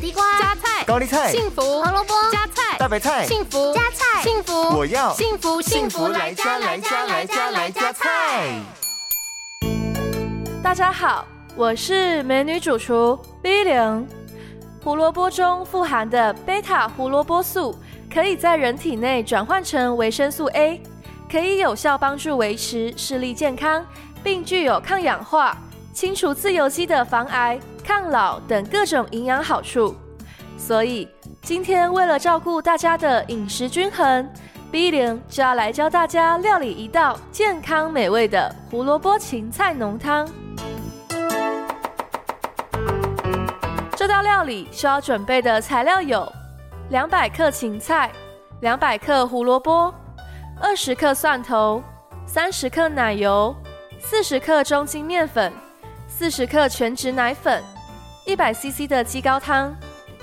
地瓜，加菜，高麗菜，幸福；胡蘿蔔，加菜，大白菜，幸福；加菜，幸福。我要幸福，幸福來加，來加，來加，來，來加菜。大家好，我是美女主廚 billion，胡蘿蔔中富含的貝塔胡蘿蔔素，可以在人體內轉換成維生素 A，可以有效幫助維持視力健康，並具有抗氧化。清除自由基的防癌、抗老等各種營養好處，所以今天為了照顧大家的飲食均衡，碧玲就要來教大家料理一道健康美味的胡蘿蔔芹菜濃湯。這道料理需要準備的材料有：兩百克芹菜、兩百克胡蘿蔔、二十克蒜頭、三十克奶油、四十克中筋麵粉。四十克全脂奶粉，一百 CC 的雞高湯，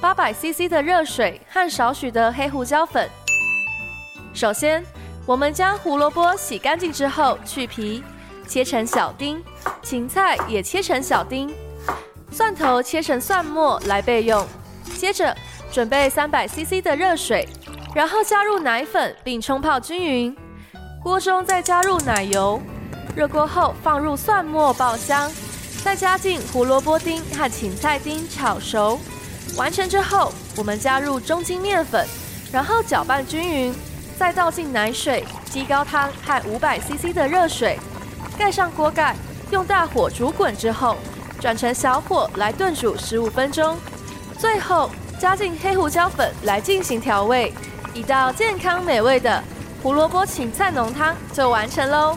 八百 CC 的熱水和少許的黑胡椒粉。首先，我們將胡蘿蔔洗乾淨之後去皮，切成小丁；芹菜也切成小丁，蒜頭切成蒜末來備用。接着，準備三百 CC 的熱水，然後加入奶粉並沖泡均勻。鍋中再加入奶油，熱鍋後放入蒜末爆香。再加進胡蘿蔔丁和芹菜丁炒熟，完成之後，我們加入中筋麵粉，然後攪拌均勻，再倒進奶水、雞高湯和五百 CC 的熱水，蓋上鍋蓋，用大火煮滾之後，轉成小火來燉煮十五分鐘，最後加進黑胡椒粉來進行調味，一道健康美味的胡蘿蔔芹菜濃湯就完成嘍。